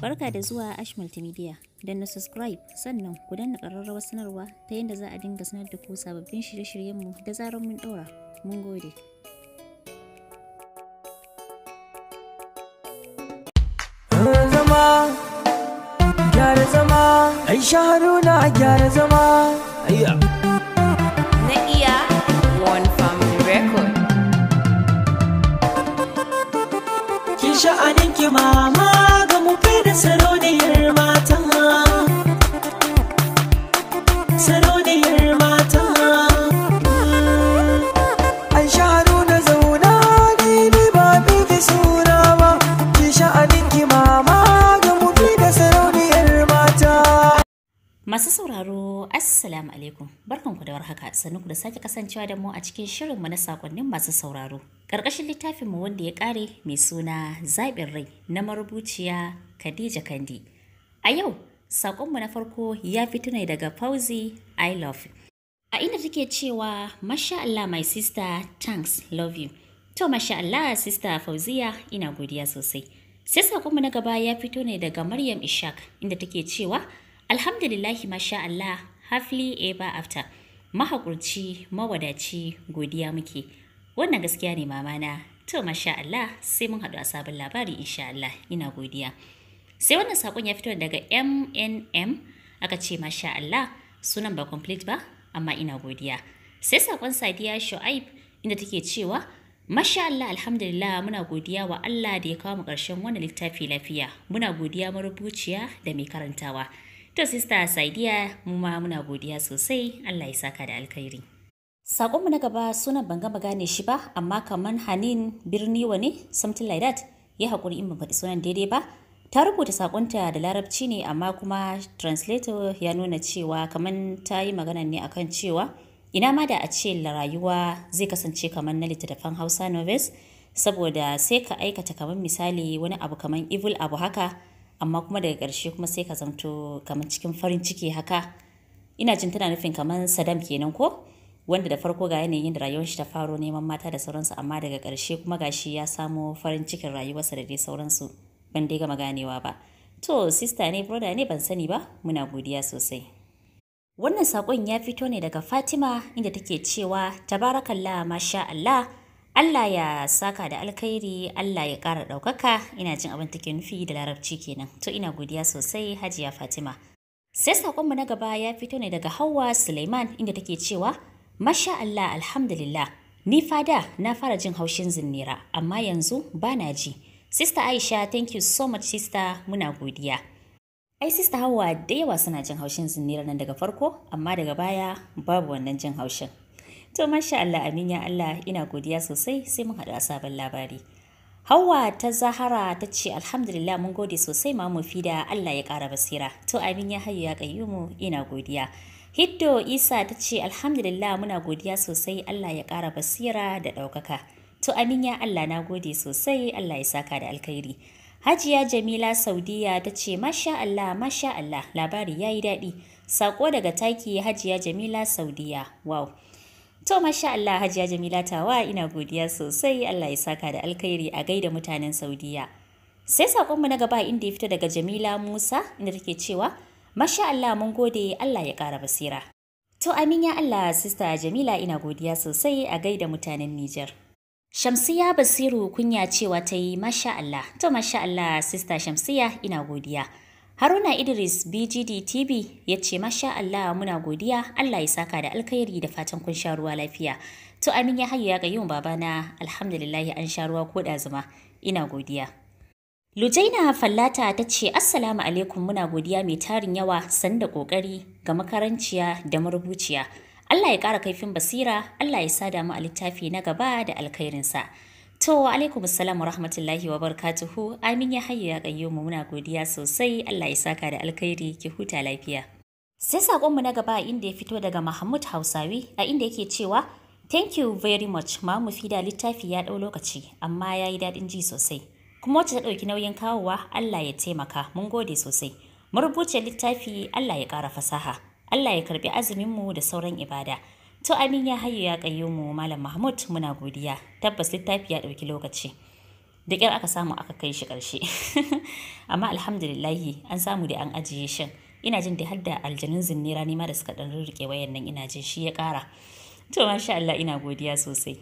Barka da zuwa Ash Multimedia. Don na subscribe sannan ku danna ƙararrawar sanarwa ta yadda za a dinga sanar da ku sababbin shirye-shiryenmu da zarar mun ɗora. Mun gode. Zama, gyara zama, Haruna gyara zama. alaikum. ku da warhaka. Sannu ku da sake kasancewa da mu a cikin shirinmu na sakonnin masu sauraro. Karkashin mu wanda ya ƙare mai suna zaɓin rai na marubuciya Khadija Kandi. A yau, sakonmu na farko ya fito ne daga Fauzi I love. A inda take cewa Masha Allah my sister thanks love you. To Masha Allah sister Fauziya ina godiya sosai. Sai saƙonmu na gaba ya fito ne daga Maryam Ishak inda take cewa Alhamdulillahi masha Allah hafli ever after mahaƙurci mawadaci godiya muke wannan gaskiya ne mamana to masha Allah sai mun haɗu a sabon labari insha Allah ina godiya sai wannan saƙon ya fito daga MNM aka ce masha Allah sunan ba complete ba amma ina godiya sai saƙon sadiya shu'aib inda take cewa Masha Allah alhamdulillah muna godiya wa Allah da ya kawo mu ƙarshen wannan littafi lafiya muna godiya marubuciya da mai karantawa To sista Saidiya mu ma muna godiya sosai Allah ya saka da alkhairi. mu na gaba sunan ban gama gane shi ba amma kaman Hanin birni wani something like that ya hakuri in ba faɗi sunan daidai ba. Ta rubuta sakonta da larabci ne amma kuma translator ya nuna cewa kaman ta yi magana ne akan cewa ina ma da a ce rayuwa zai kasance kaman na littattafan Hausa novels saboda sai ka aikata kaman misali wani abu kaman evil abu haka amma kuma daga ƙarshe kuma sai ka zamto kamar cikin farin ciki haka ina jin tana nufin kamar sadam kenan ko wanda da farko ga yanayin da rayuwar shi ta faro neman mata da sauransu amma daga karshe kuma gashi ya samo farin cikin rayuwarsa da dai sauransu ban dai gama ganewa ba to sista ne broda ne ban sani ba muna godiya sosai wannan sakon ya fito ne daga fatima inda take cewa tabarakallah masha allah Allah ya saka da alkhairi, Allah ya ƙara ɗaukaka, ina jin abin take nufi da larabci kenan. To ina godiya sosai Hajiya Fatima. Sai saƙonmu na gaba ya fito ne daga Hauwa Suleiman inda take cewa, Masha Allah alhamdulillah, ni fada na fara jin haushin zinnira, amma yanzu ba na ji. Sista Aisha, thank you so much sister muna godiya. Ai sista Hauwa da yawa suna jin haushin zinnira nan daga farko, amma daga baya babu wannan jin haushin. To masha Allah amin ya Allah ina godiya sosai sai mun haɗu a sabon labari. Hauwa ta Zahara ta ce alhamdulillah mun gode sosai ma mu fida Allah ya ƙara basira. To amin ya hayu ya kayyumu ina godiya. Hiddo Isa ta ce alhamdulillah muna godiya sosai Allah ya ƙara basira da ɗaukaka. To amin ya Allah na gode sosai Allah ya saka da alkhairi. Hajiya Jamila Saudiya ta ce masha Allah masha Allah labari ya yi daɗi. Sako daga taki Hajiya Jamila Saudiya. Wow. To masha Allah Hajiya Jamila tawa ina godiya sosai Allah ya saka da alkhairi a gaida mutanen Saudiya. Sai saƙonmu na gaba inda ya fito daga Jamila Musa inda take cewa masha Allah mun gode Allah ya ƙara basira. To amin ya Allah sista Jamila ina godiya sosai a gaida mutanen Nijar. Shamsiya Basiru kunya cewa ta yi masha Allah. To masha Allah sista Shamsiya ina godiya. Haruna Idris BGD TV ya ce masha Allah muna godiya Allah ya saka da alkhairi da fatan kun sha ruwa lafiya. To amin ya ya ga yau babana alhamdulillah an sha ruwa ko da zuma ina godiya. Lujaina Fallata ta ce Assalamu alaikum muna godiya mai tarin yawa sanda kokari ga makaranciya da marubuciya. Allah ya ƙara kaifin basira, Allah ya sada mu a littafi na gaba da alkhairinsa. To wa alaikum assalamu rahmatullahi wa barakatuhu. Amin ya hayo ya kayyo mu muna godiya sosai. Allah ya saka da alkhairi ki huta lafiya. Sai saƙonmu na gaba inda ya fito daga Mahmud Hausawi a inda yake cewa Thank you very much. fi Fida littafi ya ɗau lokaci amma ya yi daɗin ji sosai. Kuma wacce ta ɗauki nauyin kawowa Allah ya taimaka. Mun gode sosai. rubuce littafi Allah ya ƙara fasaha. Allah ya karbi mu da sauran ibada. To amin ya hayo ya mu Malam Mahmud muna godiya. Tabbas littafi ya ɗauki lokaci. Da ƙyar aka samu aka kai shi karshe Amma alhamdulillahi an samu da an ajiye shi. Ina jin da har da aljanun zinnira ma da suka dan rike wayan nan ina jin shi ya kara To masha Allah ina godiya sosai.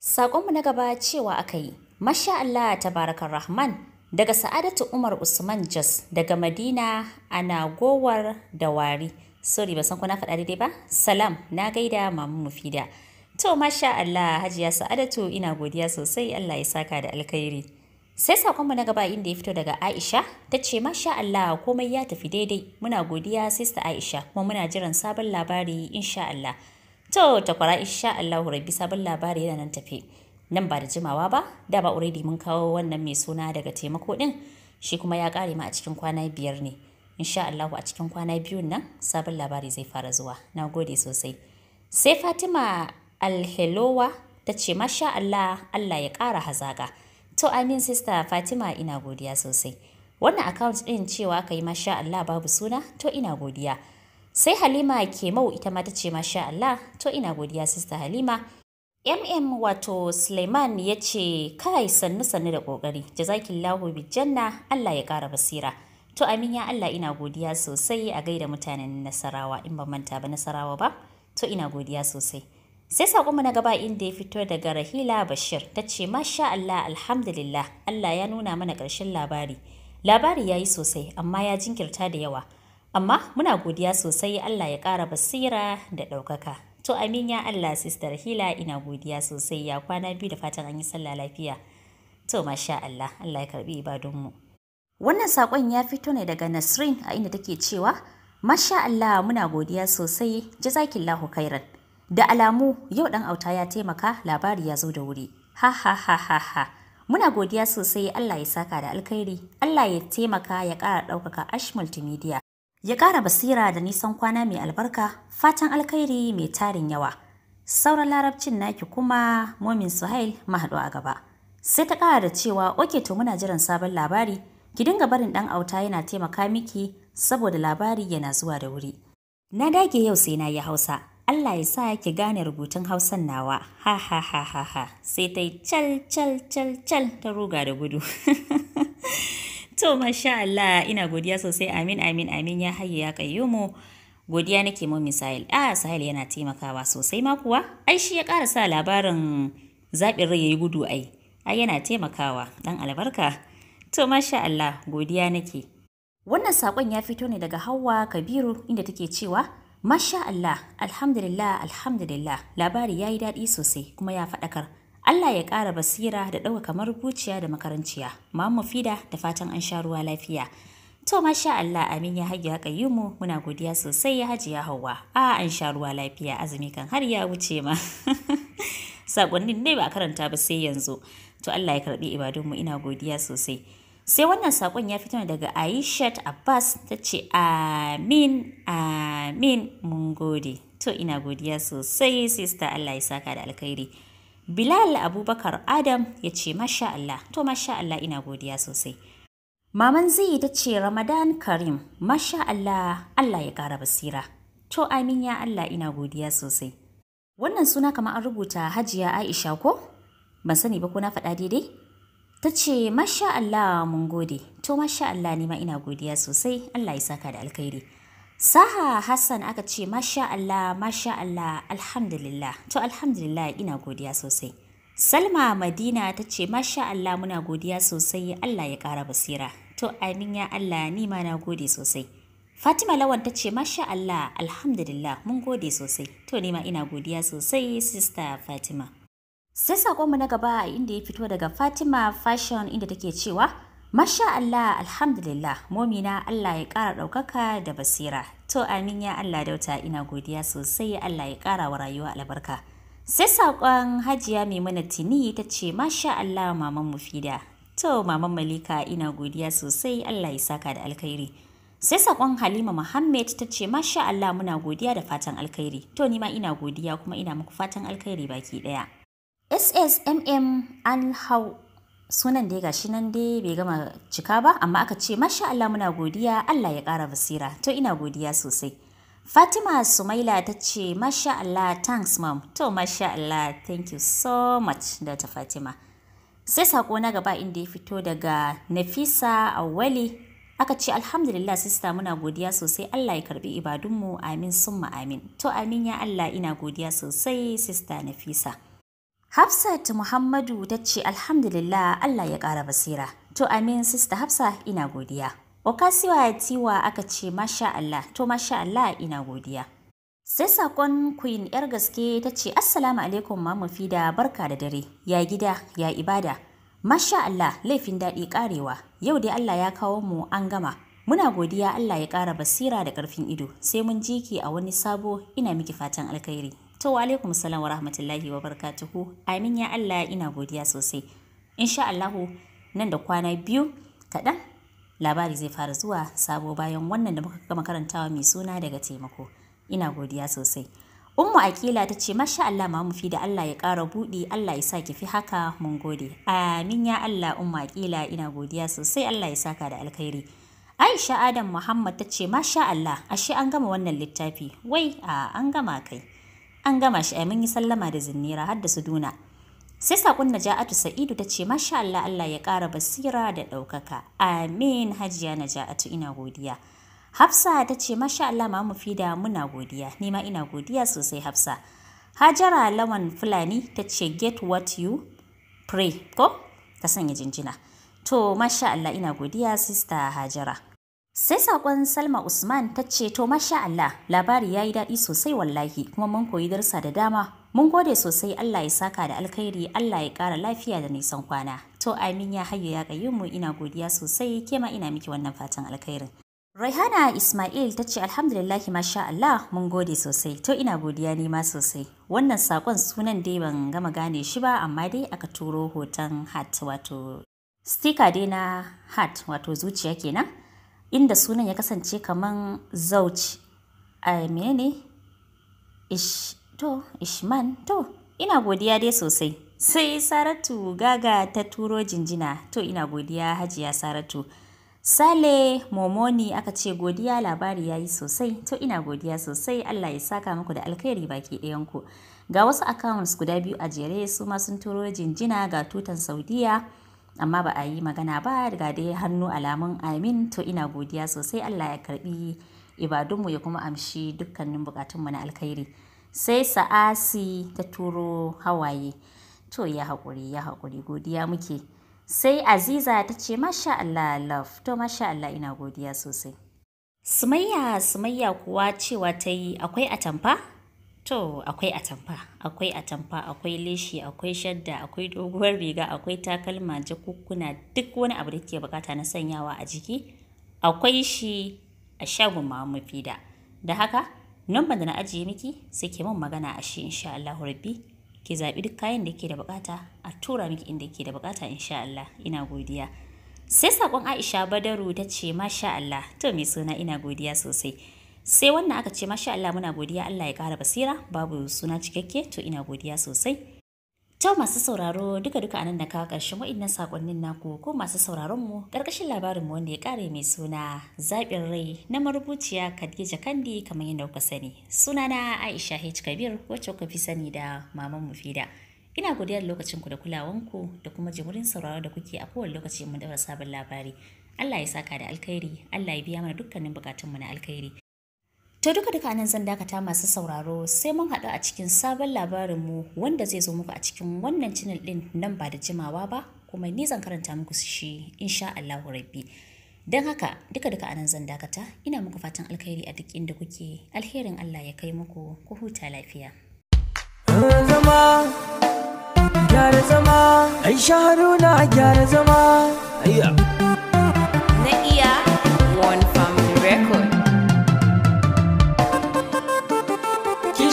Saƙonmu na gaba cewa aka yi. Masha Allah tabarakar Rahman daga Sa'adatu Umar Usman Jos daga Madina ana gowar da wari. sorry ba san ko na faɗa daidai ba salam na gaida mamu mufida to masha Allah hajiya sa'adatu ina godiya sosai Allah ya saka da alkhairi sai sakonmu na gaba inda ya fito daga Aisha ta ce masha Allah komai ya tafi daidai muna godiya sister Aisha kuma muna jiran sabon labari insha Allah to takwara insha Allah rabbi sabon labari yana nan tafi nan ba da jimawa ba da ba already mun kawo wannan mai suna daga taimako din shi kuma ya kare mu a cikin kwana biyar ne insha Allahu a cikin kwana biyun nan sabon labari zai fara zuwa na gode sosai sai fatima alhelowa ta ce masha Allah Allah ya ƙara hazaka to amin sista fatima ina godiya sosai wannan account ɗin cewa ka yi masha Allah babu suna to ina godiya sai halima kemau ita ma ta ce masha Allah to ina godiya sista halima mm wato suleiman ya ce kai sannu sannu da kokari jazakillahu bijanna allah ya kara basira To amin ya Allah ina godiya sosai a gaida mutanen Nasarawa in ban manta ba Nasarawa ba to ina godiya sosai. Sai sakonmu na gaba inda ya fito daga Rahila Bashir ta ce masha Allah alhamdulillah Allah ya nuna mana ƙarshen labari. Labari ya yi sosai amma ya jinkirta da yawa. Amma muna godiya sosai Allah ya ƙara basira da ɗaukaka. To amin ya Allah sister Rahila ina godiya sosai ya kwana biyu da fatan an yi sallah lafiya. To masha Allah Allah ya karɓi ibadunmu. Wannan saƙon ya fito ne daga Nasrin a inda take cewa, Masha Allah muna godiya sosai, jazakillahu khairan. Da alamu yau ɗan auta ya taimaka labari ya zo da wuri. Ha ha ha ha ha. Muna godiya sosai Allah ya saka da alkhairi, Allah ya taimaka ya ƙara ɗaukaka Ash Multimedia. Ya ƙara basira da nisan kwana mai albarka, fatan alkhairi mai tarin yawa. Sauran larabcin naki kuma Momin Suhail mahaɗo a gaba. Sai ta ƙara da cewa, oke to muna jiran sabon labari, Ki dinga barin ɗan auta yana taimaka miki saboda labari yana zuwa da wuri. Na dage yau sai na yi Hausa. Allah ya sa ki gane rubutun Hausan nawa. Ha ha ha ha ha. Sai ta yi cal cal cal cal ta ruga da gudu. to masha Allah ina godiya sosai amin amin amin ya hayya ya Godiya nake mu misail. Ah Sahil yana taimakawa sosai ma kuwa. Ai shi ya ƙara sa labarin zaɓin rai ya yi gudu ai. Ai yana taimakawa. Dan albarka. To masha Allah, godiya nake. Wannan saƙon ya fito ne daga Hauwa Kabiru inda take cewa, Masha Allah, alhamdulillah, alhamdulillah, labari ya yi daɗi sosai kuma ya faɗakar. Allah ya ƙara basira da ɗauka kamar buciya da makaranciya, mu Fida da fatan an sha ruwa lafiya. To masha Allah amin ya hajiya mu muna godiya sosai ya hajiya Hauwa. A an sha ruwa lafiya azumi kan har ya wuce ma. Saƙonnin ne ba karanta ba sai yanzu. To Allah ya karɓi ibadunmu ina godiya sosai. sai wannan saƙon ya fito daga aishat abbas ta ce amin amin mun gode to ina godiya sosai sista allah ya saka da alkhairi bilal abubakar adam ya ce masha allah to masha allah ina godiya sosai maman zai ta ce ramadan karim masha allah allah ya ƙara basira to amin ya allah ina godiya sosai wannan suna kamar an rubuta hajiya aisha ko ban sani ba ko na faɗa daidai ta ce masha Allah mun gode to masha Allah ni ma ina godiya sosai Allah ya saka da alkhairi Saha Hassan aka ce masha Allah masha Allah alhamdulillah to alhamdulillah ina godiya sosai Salma Madina ta ce masha Allah muna godiya sosai Allah ya ƙara basira to amin ya Allah ni ma na gode sosai Fatima Lawan ta ce masha Allah alhamdulillah mun gode sosai to ma ina godiya sosai sister Fatima Sai mu na gaba inda ya fito daga Fatima Fashion inda take cewa Masha Allah alhamdulillah momina Allah ya kara ɗaukaka da basira to amin ya Allah dauta ina godiya sosai Allah ya kara wa rayuwa albarka sai saƙon hajiya maimuna tini ta ce masha Allah maman mufida to maman malika ina godiya sosai Allah ya saka da alkhairi sai saƙon halima muhammad ta ce masha Allah muna godiya da fatan alkhairi to nima ina godiya kuma ina muku fatan alkhairi baki ɗaya SSMM hau sunan dai gashi nan dai bai gama cika ba amma aka ce masha Allah muna godiya Allah ya kara basira to ina godiya sosai Fatima Sumaila ta ce masha Allah thanks mom to masha Allah thank you so much da ta Fatima sai sako na gaba inda ya fito daga Nafisa Awali aka ce alhamdulillah sista muna godiya sosai Allah ya karbi ibadunmu amin summa amin to amin ya Allah ina godiya sosai sista Nafisa Hafsat Muhammadu ta ce alhamdulillah Allah ya ƙara basira. To amin sista Hafsa ina godiya. Okasiwa Tiwa aka ce masha Allah to masha Allah ina godiya. Sai saƙon Queen yar gaske ta ce Assalamu alaikum Mamu Fida barka da dare ya gida ya ibada. Masha Allah laifin daɗi ƙarewa yau dai Allah ya kawo mu an gama. Muna godiya Allah ya ƙara basira da ƙarfin ido sai mun jiki a wani sabo ina miki fatan alkhairi. To wa alaikum salam wa rahmatullahi wa barakatuhu. Amin ya Allah ina godiya sosai. Insha Allahu nan da kwana biyu kaɗan labari zai fara zuwa sabo bayan wannan da muka gama karantawa mai suna daga taimako. Ina godiya sosai. Ummu Akila ta ce masha Allah ma mufi da Allah ya kara buɗi Allah ya sa ki fi haka mun gode. Amin ya Allah Ummu Akila ina godiya sosai Allah ya saka da alkhairi. Aisha Adam Muhammad ta ce masha Allah ashe an gama wannan littafi wai a an gama kai. an gama shi ai mun yi sallama da zinnira har da su duna sai sakon naja'atu sa'idu ta ce masha Allah Allah ya ƙara basira da ɗaukaka amin hajiya naja'atu ina godiya hafsa ta ce masha Allah ma mu fida muna godiya ni ma ina godiya sosai hafsa hajara lawan fulani ta ce get what you pray ko ta sanya jinjina to masha Allah ina godiya sista hajara Sai saƙon Salma Usman ta ce to masha Allah labari ya yi daɗi sosai wallahi kuma mun koyi darsa da dama. Mun gode sosai Allah ya saka da alkhairi Allah ya ƙara lafiya da nisan kwana. To amin ya hayo ya mu ina godiya sosai ke ma ina miki wannan fatan alkhairin. Raihana Ismail ta ce alhamdulillahi masha Allah mun gode sosai to ina godiya nima ma sosai wannan saƙon sunan dai ban gama gane shi ba amma dai aka turo hoton hat wato stika dai na hat wato zuciya kenan inda sunan ya kasance kaman zauci a eh, menene ish to ishman to ina godiya dai sosai sai saratu gaga ta turo jinjina to ina godiya hajiya saratu sale momoni aka ce godiya labari ya yi sosai to ina godiya sosai allah ya saka muku da alkhairi baki ɗayanku ga wasu accounts guda biyu a jere su ma sun turo jinjina ga tutan saudiya amma ba a yi magana ba daga dai hannu alamun amin to ina godiya sosai Allah ya karbi ibadunmu ya kuma amshi dukkanin bukatunmu na alkhairi sai sa'asi ta turo hawaye to ya haƙuri ya haƙuri godiya muke sai aziza ta ce masha Allah love to masha Allah ina godiya sosai sumayya sumayya kuwa cewa ta yi akwai atamfa To akwai atamfa, akwai atamfa, akwai leshi, akwai shadda, akwai doguwar riga, akwai takalma, jakukkuna, duk wani abu da ke bukata na sanyawa a jiki akwai shi a shagon ma mafi Da Da haka numba da na ajiye miki sai ke mun magana a shi insha Allah Rabbi. Ki zaɓi duk kayan da ke da bukata a tura miki inda ke da bukata insha Allah. Ina godiya. Sai sakon Aisha Badaru ta ce masha Allah to mai suna ina godiya sosai. sai wannan aka ce masha Allah muna godiya Allah ya kara basira babu suna cikakke to ina godiya sosai ta masu sauraro duka duka anan da kawo ƙarshen wa'innan sakonnin naku ko masu sauraron mu ƙarƙashin labarin mu wanda ya kare mai suna zaɓin rai na marubuciya Khadija Kandi kamar yadda kuka sani suna na Aisha H Kabir wacce kuka fi sani da maman Fida ina godiya da lokacin ku da kulawanku da kuma jimurin sauraro da kuke a kowane lokaci mun daura sabon labari Allah ya saka da alkhairi Allah ya biya mana dukkanin bukatunmu na alkhairi To duka duka nan zan dakata masu sauraro sai mun haɗu a cikin sabon labarinmu wanda zai zo muku a cikin wannan channel ɗin nan ba da jimawa ba kuma ni zan karanta muku shi insha Allahu rabbi. Don haka duka duka anan zan dakata ina muku fatan alkhairi a duk inda kuke alherin Allah ya kai muku ku huta lafiya. Zama gyara zama ai shaharuna gyara zama ayya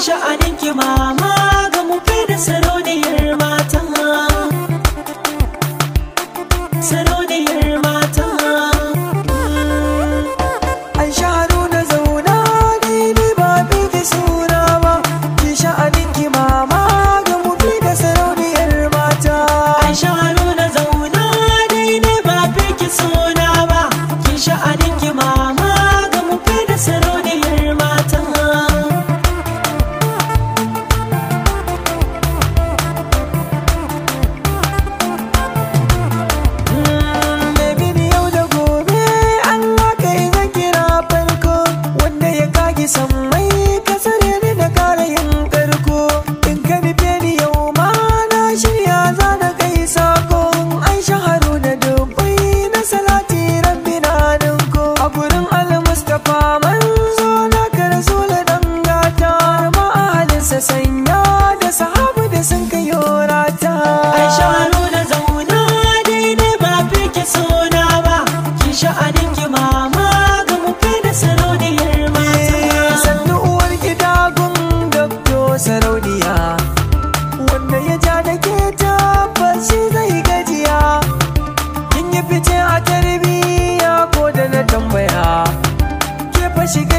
sha'aninki mama ga mu kai da ya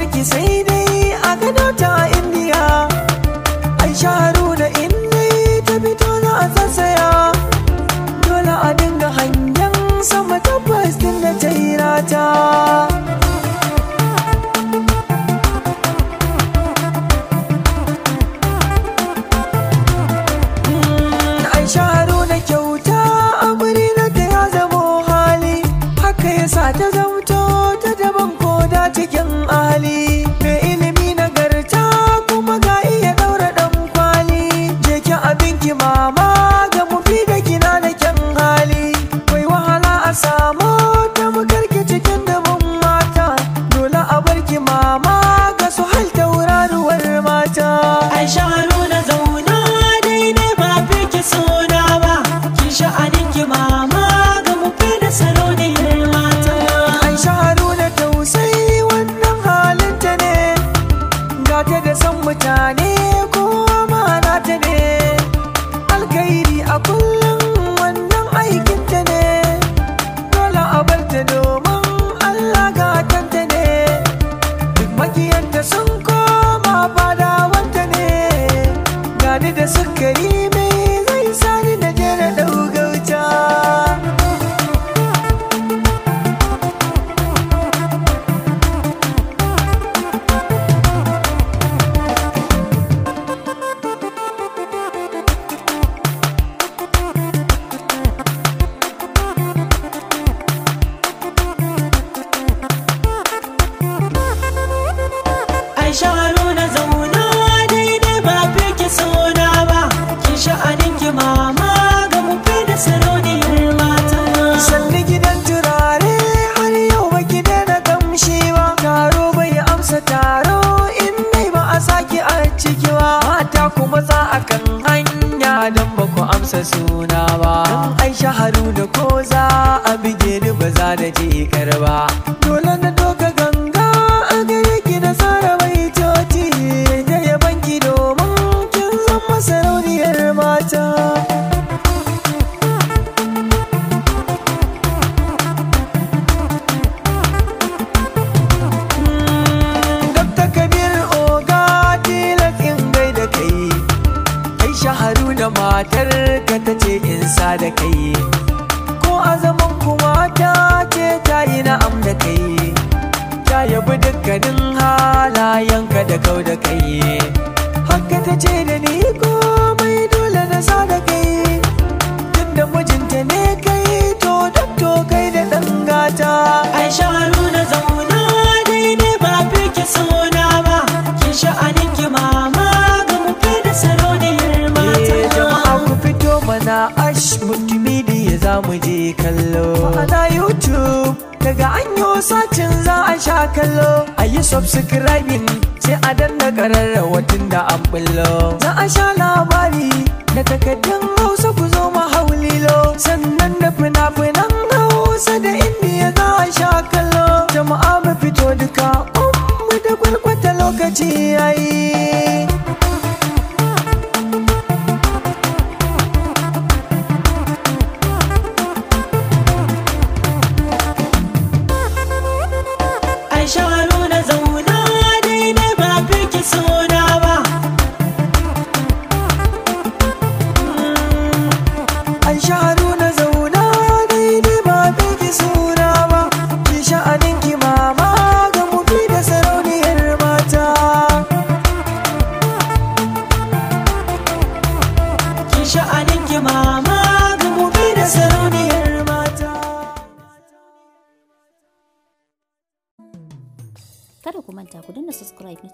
ƙaunarki sai dai a gado ta indiya an shaharu amsa suna ba ai shaharu da ko za a bige ni ba za da je karba dole na doka ganga a gare ki da sara mai coci da ya banki domin kin masa rauniyar mata hmm, matar da kai ko a zaman kuma ta ce ta yi na'am da kai ta yabi dukkanin halayenka da kau da kai haka ta ce da je kallo Ma'ana youtube daga an yi za a sha kallo a yi subscribing sai a danna kararrawa tun da an bullo za a sha labari da takardun hausa ku zo mahaulilo sannan da fina-finan hausa da indiya za a sha kallo jama'a mu fito duka um, mu da kwalkwata lokaci yayi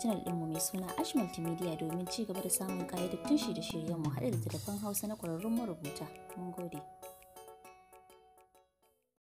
channel ɗinmu mai suna Ash Multimedia domin ci gaba da samun ƙayatattun shirye-shiryenmu haɗe da telefon Hausa na ƙwararrun marubuta. Mun gode.